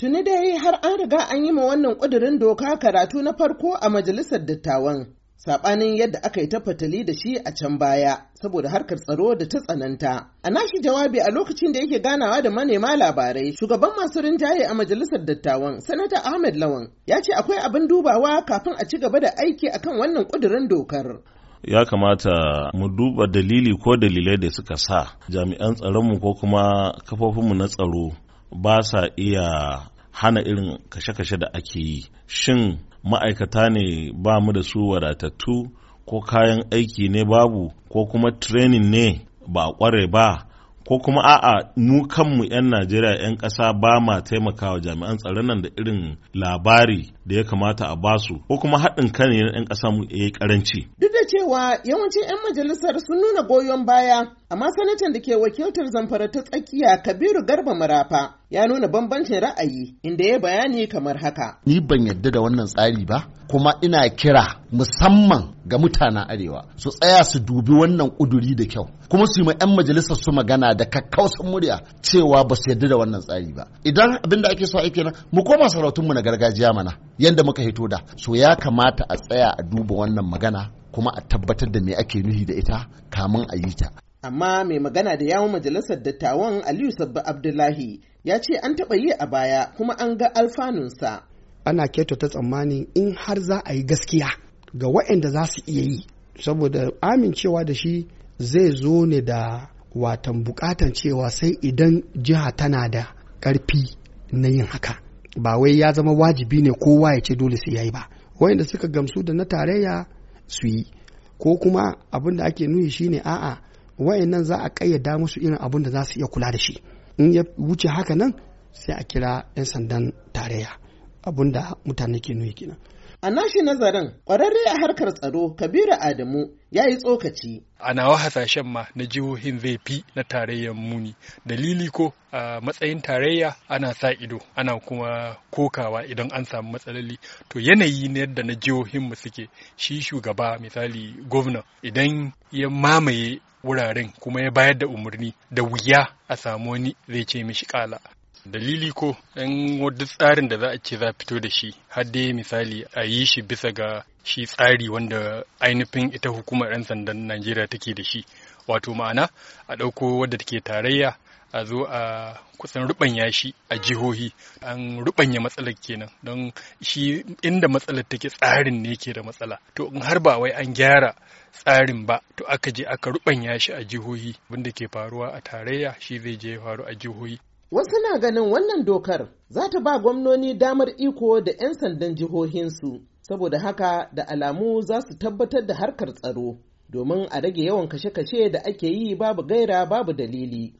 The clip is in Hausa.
Tuni dai har an riga an yi ma wannan ƙudurin doka karatu na farko a majalisar dattawan, saɓanin yadda aka yi ta fatali da shi a can baya, saboda harkar tsaro da ta tsananta. A nashi jawabi a lokacin da yake ganawa da manema labarai, shugaban masu rinjaye a majalisar dattawan, Sanata Ahmed Lawan, ya ce akwai abin dubawa kafin a ci gaba da aiki akan wannan ƙudurin dokar. ya kamata mu duba dalili ko dalilai da suka sa jami'an tsaronmu ko kuma kafofinmu na tsaro ba sa iya hana irin kashe-kashe da ake yi shin ma'aikata ne ba mu da su wadatattu ko kayan aiki ne babu ko kuma training ne ba kware ba ko kuma a'a mu kanmu 'yan najeriya 'yan ƙasa ba ma taimakawa jami'an tsaron nan da irin labari da ya kamata a basu ko kuma haɗin kan ne 'yan ƙasa mu ya yi ƙaranci duk da cewa yawancin 'yan majalisar sun nuna goyon baya Amma sanatan da ke wakiltar zamfara ta tsakiya Kabiru Garba Marafa ya nuna bambancin ra'ayi inda ya bayani kamar haka. Ni ban yadda da wannan tsari ba, kuma ina kira musamman ga mutanen arewa su tsaya su dubi wannan kuduri da kyau kuma su yi ma 'yan majalisar su magana da kakkausan murya cewa ba su yadda da wannan tsari ba idan abin da ake so ake na mu koma sarautunmu na gargajiya mana yadda muka hito da so ya kamata a tsaya a duba wannan magana kuma a tabbatar da me ake nuhi da ita kamin a yi ta amma mai magana da yawon majalisar dattawan aliyu sabba abdullahi ya ce an taɓa yi a baya kuma an ga alfanunsa ana kyautata tsammani in har za a yi gaskiya ga waɗanda za su iya yi saboda amincewa da shi zai zo ne da watan bukatan cewa sai idan jiha tana da ƙarfi na yin haka ba wai ya zama wajibi ne kowa ya ce dole sai ya yi ba waɗanda suka gamsu da na tarayya su yi ko kuma abin da ake nuhi shine a'a wayannan za a kayyada musu irin abun da za su iya kula da shi in ya wuce haka nan sai a kira 'yan sandan tarayya abin da mutane ke nuni kenan A nashi nazarin kwararre a harkar tsaro Kabiru Adamu ya yi tsokaci. A nawa hasashen ma na jihohin zai fi na tarayyar muni. Dalili ko a matsayin tarayya ana sa ido ana kuma kokawa idan an samu matsaloli. To yanayi na yadda na jihohin mu suke shi shugaba misali gwamna idan ya mamaye wuraren kuma ya bayar da umarni da wuya a samu wani zai ce mishi kala dalili ko ɗan wadda tsarin da za a ce za fito da shi har dai misali a yi shi bisa ga shi tsari wanda ainihin ita hukumar 'yan sandan najeriya take da shi wato ma'ana a ɗauko wadda take tarayya a zo a kusan rubanya shi a jihohi an rubanya matsalar kenan don shi inda matsalar take tsarin ne ke da matsala to in har ba wai an gyara tsarin ba to aka je aka rubanya shi a jihohi wanda ke faruwa a tarayya shi zai je faru a jihohi Wasu na ganin wannan dokar za ta ba gwamnoni damar iko da 'yan sandan jihohinsu, saboda haka da alamu za su tabbatar da harkar tsaro, domin a rage yawan kashe-kashe da ake yi babu gaira babu dalili.